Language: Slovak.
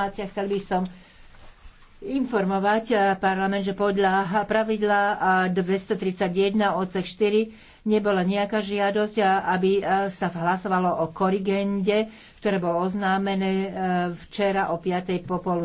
informácia. Chcel by som informovať eh, parlament, že podľa pravidla 231 eh, odsek 4 nebola nejaká žiadosť, eh, aby sa hlasovalo o korigende, ktoré bolo oznámené včera o 5. popoludní.